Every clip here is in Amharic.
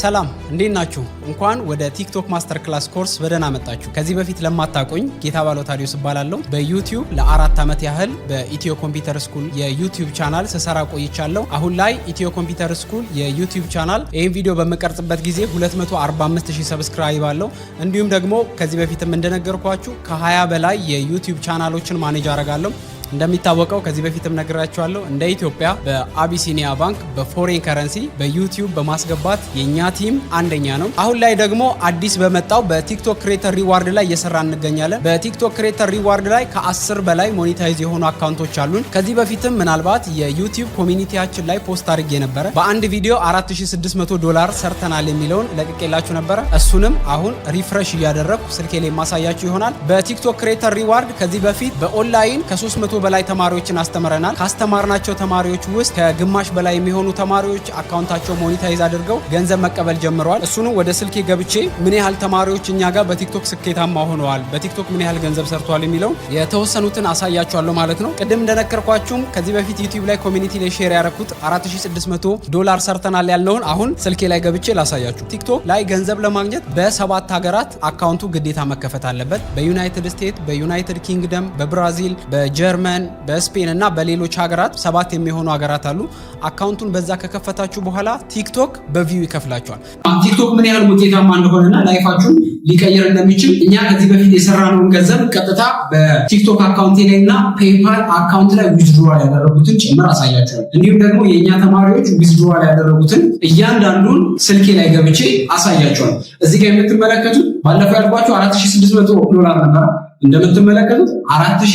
ሰላም እንዴት ናችሁ? እንኳን ወደ ቲክቶክ ማስተር ክላስ ኮርስ በደህና መጣችሁ። ከዚህ በፊት ለማታቆኝ ጌታ ባለው ታዲዮስ እባላለሁ። በዩቲዩብ ለአራት ዓመት ያህል በኢትዮ ኮምፒውተር ስኩል የዩቲዩብ ቻናል ስሰራ ቆይቻለሁ። አሁን ላይ ኢትዮ ኮምፒውተር ስኩል የዩቲዩብ ቻናል ይህን ቪዲዮ በምቀርጽበት ጊዜ 245000 ሰብስክራይብ አለው። እንዲሁም ደግሞ ከዚህ በፊትም እንደነገርኳችሁ ከ20 በላይ የዩቲዩብ ቻናሎችን ማኔጅ አረጋለሁ። እንደሚታወቀው ከዚህ በፊትም ነግራችኋለሁ እንደ ኢትዮጵያ በአቢሲኒያ ባንክ በፎሬን ከረንሲ በዩቲዩብ በማስገባት የእኛ ቲም አንደኛ ነው። አሁን ላይ ደግሞ አዲስ በመጣው በቲክቶክ ክሬተር ሪዋርድ ላይ እየሰራ እንገኛለን። በቲክቶክ ክሬተር ሪዋርድ ላይ ከአስር በላይ ሞኔታይዝ የሆኑ አካውንቶች አሉን። ከዚህ በፊትም ምናልባት የዩቲዩብ ኮሚኒቲያችን ላይ ፖስት አድርጌ ነበረ። በአንድ ቪዲዮ 4600 ዶላር ሰርተናል የሚለውን ለቅቄላችሁ ነበረ። እሱንም አሁን ሪፍረሽ እያደረግኩ ስልኬ ላይ ማሳያችሁ ይሆናል። በቲክቶክ ክሬተር ሪዋርድ ከዚህ በፊት በኦንላይን ከ300 በላይ ተማሪዎችን አስተምረናል። ካስተማርናቸው ተማሪዎች ውስጥ ከግማሽ በላይ የሚሆኑ ተማሪዎች አካውንታቸው ሞኒታይዝ አድርገው ገንዘብ መቀበል ጀምረዋል። እሱኑ ወደ ስልኬ ገብቼ ምን ያህል ተማሪዎች እኛ ጋር በቲክቶክ ስኬታማ ሆነዋል፣ በቲክቶክ ምን ያህል ገንዘብ ሰርተዋል የሚለው የተወሰኑትን አሳያቸዋለሁ ማለት ነው። ቅድም እንደነገርኳችሁም ከዚህ በፊት ዩቲዩብ ላይ ኮሚኒቲ ላይ ሼር ያረኩት 4600 ዶላር ሰርተናል ያልነውን አሁን ስልኬ ላይ ገብቼ ላሳያችሁ። ቲክቶክ ላይ ገንዘብ ለማግኘት በሰባት ሀገራት አካውንቱ ግዴታ መከፈት አለበት። በዩናይትድ ስቴትስ፣ በዩናይትድ ኪንግደም፣ በብራዚል፣ በጀርመን በጀርመን በስፔን እና በሌሎች ሀገራት ሰባት የሚሆኑ ሀገራት አሉ። አካውንቱን በዛ ከከፈታችሁ በኋላ ቲክቶክ በቪው ይከፍላችኋል። ቲክቶክ ምን ያህል ውጤታማ እንደሆነና ላይፋችሁን ሊቀይር እንደሚችል እኛ ከዚህ በፊት የሰራነውን ገንዘብ ቀጥታ በቲክቶክ አካውንቴ ላይ እና ፔይፓል አካውንት ላይ ዊዝድሮዋል ያደረጉትን ጭምር አሳያችኋል። እንዲሁም ደግሞ የእኛ ተማሪዎች ዊዝድሮዋል ያደረጉትን እያንዳንዱን ስልኬ ላይ ገብቼ አሳያችኋል። እዚህ ጋር የምትመለከቱት ባለፈው ያልኳቸው 4600 ዶላር ነበር። እንደምትመለከቱት 4000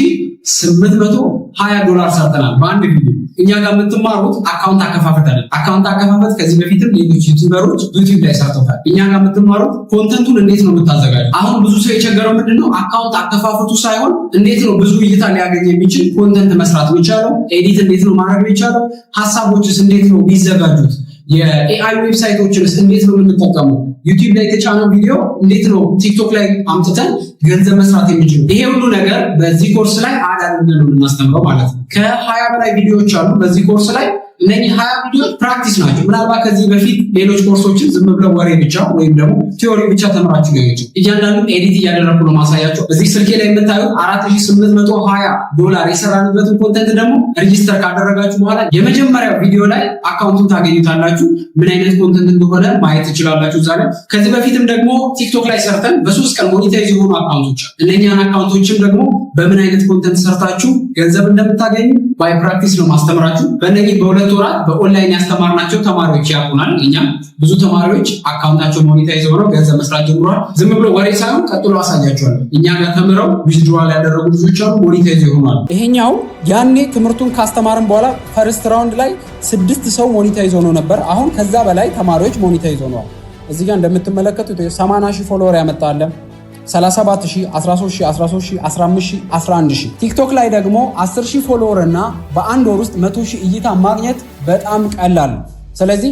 ስምንት መቶ ሀያ ዶላር ሰርተናል በአንድ ጊዜ። እኛ ጋር የምትማሩት አካውንት አከፋፈት አለ። አካውንት አከፋፈት ከዚህ በፊትም ሌሎች ዩቲዩበሮች ዩቲዩብ ላይ ሰርተውታል። እኛ ጋር የምትማሩት ኮንተንቱን እንዴት ነው የምታዘጋጁ። አሁን ብዙ ሰው የቸገረው ምንድን ነው አካውንት አከፋፈቱ ሳይሆን እንዴት ነው ብዙ እይታ ሊያገኝ የሚችል ኮንተንት መስራት የሚቻለው፣ ኤዲት እንዴት ነው ማድረግ የሚቻለው፣ ሀሳቦችስ እንዴት ነው የሚዘጋጁት፣ የኤአይ ዌብሳይቶችንስ እንዴት ነው የምንጠቀመው ዩቲዩብ ላይ የተጫነው ቪዲዮ እንዴት ነው ቲክቶክ ላይ አምጥተን ገንዘብ መስራት የሚችሉ ይሄ ሁሉ ነገር በዚህ ኮርስ ላይ አዳ ነው የምናስተምረው ማለት ነው። ከሀያ በላይ ቪዲዮዎች አሉ በዚህ ኮርስ ላይ እነዚህ ሀያ ቪዲዮች ፕራክቲስ ናቸው። ምናልባት ከዚህ በፊት ሌሎች ኮርሶችን ዝም ብለው ወሬ ብቻ ወይም ደግሞ ቲዮሪ ብቻ ተምራችሁ ሊሆች እያንዳንዱ ኤዲት እያደረግኩ ነው ማሳያቸው። እዚህ ስልኬ ላይ የምታዩ አራት ሺ ስምንት መቶ ሀያ ዶላር የሰራንበትን ኮንተንት ደግሞ ሬጂስተር ካደረጋችሁ በኋላ የመጀመሪያው ቪዲዮ ላይ አካውንቱን ታገኙታላችሁ። ምን አይነት ኮንተንት እንደሆነ ማየት ትችላላችሁ እዛ ላይ። ከዚህ በፊትም ደግሞ ቲክቶክ ላይ ሰርተን በሶስት ቀን ሞኒታይዝ የሆኑ አካውንቶች እነኛን አካውንቶችም ደግሞ በምን አይነት ኮንተንት ሰርታችሁ ገንዘብ እንደምታገኙ ባይ ፕራክቲስ ነው ማስተምራችሁ በእነዚህ በሁለት ሁለት ወራት በኦንላይን ያስተማርናቸው ተማሪዎች ያቁናል። እኛም ብዙ ተማሪዎች አካውንታቸው ሞኔታይዝ ሆነው ገንዘብ መስራት ጀምሯል። ዝም ብሎ ወሬ ሳይሆን ቀጥሎ አሳያቸዋል። እኛ ጋር ተምረው ዊዝድሮዋል ያደረጉ ልጆች አሉ፣ ሞኔታይዝ ይሆኗል። ይሄኛው ያኔ ትምህርቱን ካስተማርን በኋላ ፈርስት ራውንድ ላይ ስድስት ሰው ሞኔታይዝ ሆኖ ነበር። አሁን ከዛ በላይ ተማሪዎች ሞኔታይዝ ሆነዋል። እዚህ ጋር እንደምትመለከቱት 80 ሺህ ፎሎወር ያመጣለን 37000 ቲክቶክ ላይ ደግሞ 10000 ፎሎወር እና በአንድ ወር ውስጥ 100000 እይታ ማግኘት በጣም ቀላል ነው። ስለዚህ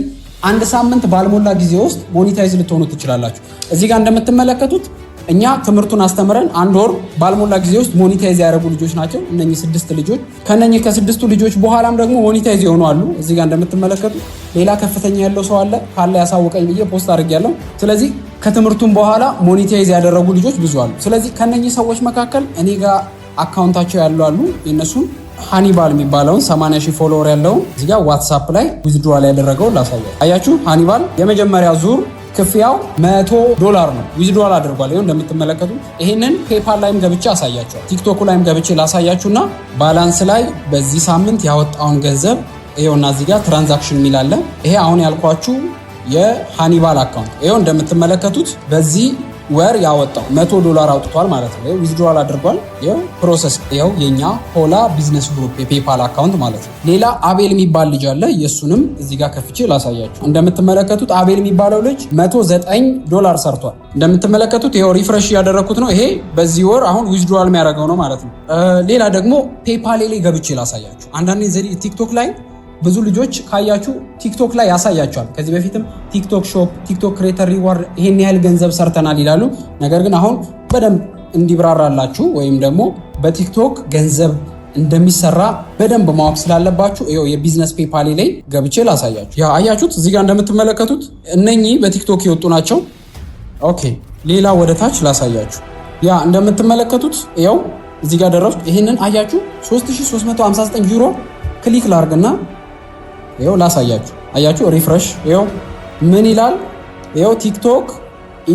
አንድ ሳምንት ባልሞላ ጊዜ ውስጥ ሞኒታይዝ ልትሆኑ ትችላላችሁ። እዚህ ጋር እንደምትመለከቱት እኛ ትምህርቱን አስተምረን አንድ ወር ባልሞላ ጊዜ ውስጥ ሞኒታይዝ ያደረጉ ልጆች ናቸው እነኚህ ስድስት ልጆች። ከነኚህ ከስድስቱ ልጆች በኋላም ደግሞ ሞኒታይዝ የሆኑ አሉ። እዚህ ጋር እንደምትመለከቱ ሌላ ከፍተኛ ያለው ሰው አለ ካለ ያሳወቀኝ ብዬ ፖስት አድርጌያለሁ። ስለዚህ ከትምህርቱም በኋላ ሞኒታይዝ ያደረጉ ልጆች ብዙ አሉ። ስለዚህ ከነኚህ ሰዎች መካከል እኔ ጋር አካውንታቸው ያሉ አሉ። የእነሱን ሃኒባል የሚባለውን 80 ሺህ ፎሎወር ያለውን እዚህ ጋር ዋትሳፕ ላይ ዊዝድሮዋል ያደረገውን ላሳያል። አያችሁ ሃኒባል የመጀመሪያ ዙር ክፍያው መቶ ዶላር ነው። ዊዝድሮዋል አድርጓል። ይኸው እንደምትመለከቱ ይህንን ፔፓል ላይም ገብቼ አሳያቸዋል። ቲክቶኩ ላይም ገብቼ ላሳያችሁና ባላንስ ላይ በዚህ ሳምንት ያወጣውን ገንዘብ ይኸውና እዚህ ጋር ትራንዛክሽን የሚላለን ይሄ አሁን ያልኳችሁ የሃኒባል አካውንት ይኸው እንደምትመለከቱት በዚህ ወር ያወጣው መቶ ዶላር አውጥቷል ማለት ነው። ዊዝድሮዋል አድርጓል። ይኸው ፕሮሰስ ው የኛ ሆላ ቢዝነስ ግሩፕ የፔፓል አካውንት ማለት ነው። ሌላ አቤል የሚባል ልጅ አለ። የእሱንም እዚህ ጋር ከፍቼ ላሳያችሁ። እንደምትመለከቱት አቤል የሚባለው ልጅ መቶ ዘጠኝ ዶላር ሰርቷል። እንደምትመለከቱት ይኸው ሪፍረሽ እያደረግኩት ነው። ይሄ በዚህ ወር አሁን ዊዝድሮዋል የሚያደርገው ነው ማለት ነው። ሌላ ደግሞ ፔፓል ላይ ገብቼ ላሳያችሁ። አንዳንዴ ቲክቶክ ላይ ብዙ ልጆች ካያችሁ ቲክቶክ ላይ ያሳያቸዋል። ከዚህ በፊትም ቲክቶክ ሾፕ፣ ቲክቶክ ክሬተር ሪዋርድ ይሄን ያህል ገንዘብ ሰርተናል ይላሉ። ነገር ግን አሁን በደንብ እንዲብራራላችሁ ወይም ደግሞ በቲክቶክ ገንዘብ እንደሚሰራ በደንብ ማወቅ ስላለባችሁ ይኸው የቢዝነስ ፔፓሌ ላይ ገብቼ ላሳያችሁ። ያ አያችሁት፣ እዚህ ጋር እንደምትመለከቱት እነኚህ በቲክቶክ የወጡ ናቸው። ኦኬ፣ ሌላ ወደ ታች ላሳያችሁ። ያ እንደምትመለከቱት ይኸው እዚህ ጋር ደረሱ። ይህንን አያችሁ 3359 ዩሮ ክሊክ ላርግና ይኸው ላሳያችሁ። አያችሁ ሪፍረሽ፣ ይኸው ምን ይላል? ይኸው ቲክቶክ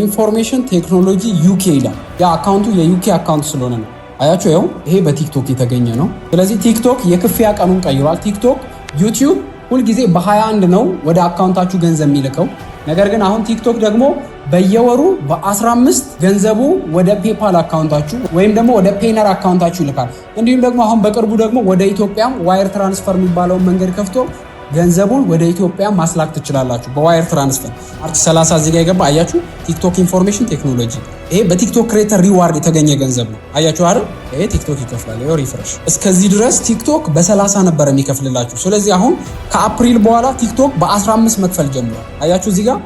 ኢንፎርሜሽን ቴክኖሎጂ ዩኬ ይላል። ያ አካውንቱ የዩኬ አካውንት ስለሆነ ነው። አያችሁ፣ ይኸው ይሄ በቲክቶክ የተገኘ ነው። ስለዚህ ቲክቶክ የክፍያ ቀኑን ቀይሯል። ቲክቶክ ዩቲዩብ ሁልጊዜ በ21 ነው ወደ አካውንታችሁ ገንዘብ የሚልከው። ነገር ግን አሁን ቲክቶክ ደግሞ በየወሩ በ15 ገንዘቡ ወደ ፔፓል አካውንታችሁ ወይም ደግሞ ወደ ፔነር አካውንታችሁ ይልካል። እንዲሁም ደግሞ አሁን በቅርቡ ደግሞ ወደ ኢትዮጵያም ዋየር ትራንስፈር የሚባለውን መንገድ ከፍቶ ገንዘቡን ወደ ኢትዮጵያ ማስላክ ትችላላችሁ በዋየር ትራንስፈር። አርት 30 እዚህ ጋ የገባ አያችሁ፣ ቲክቶክ ኢንፎርሜሽን ቴክኖሎጂ። ይሄ በቲክቶክ ክሬተር ሪዋርድ የተገኘ ገንዘብ ነው። አያችሁ አይደል? ይሄ ቲክቶክ ይከፍላል። ይሄ ሪፍሬሽ። እስከዚህ ድረስ ቲክቶክ በ30 ነበር የሚከፍልላችሁ። ስለዚህ አሁን ከአፕሪል በኋላ ቲክቶክ በ15 መክፈል ጀምሯል። አያችሁ እዚህ ጋ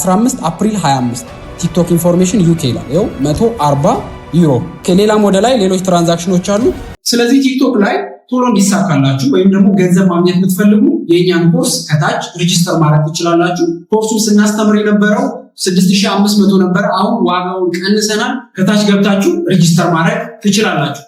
15 አፕሪል 25 ቲክቶክ ኢንፎርሜሽን ዩኬ ይላል። ይኸው 140 ዩሮ። ከሌላ ሞዴል ላይ ሌሎች ትራንዛክሽኖች አሉ። ስለዚህ ቲክቶክ ላይ ቶሎ እንዲሳካላችሁ ወይም ደግሞ ገንዘብ ማግኘት የምትፈልጉ የእኛን ኮርስ ከታች ሬጅስተር ማድረግ ትችላላችሁ። ኮርሱን ስናስተምር የነበረው 6500 ነበር። አሁን ዋጋውን ቀንሰናል። ከታች ገብታችሁ ሬጅስተር ማድረግ ትችላላችሁ።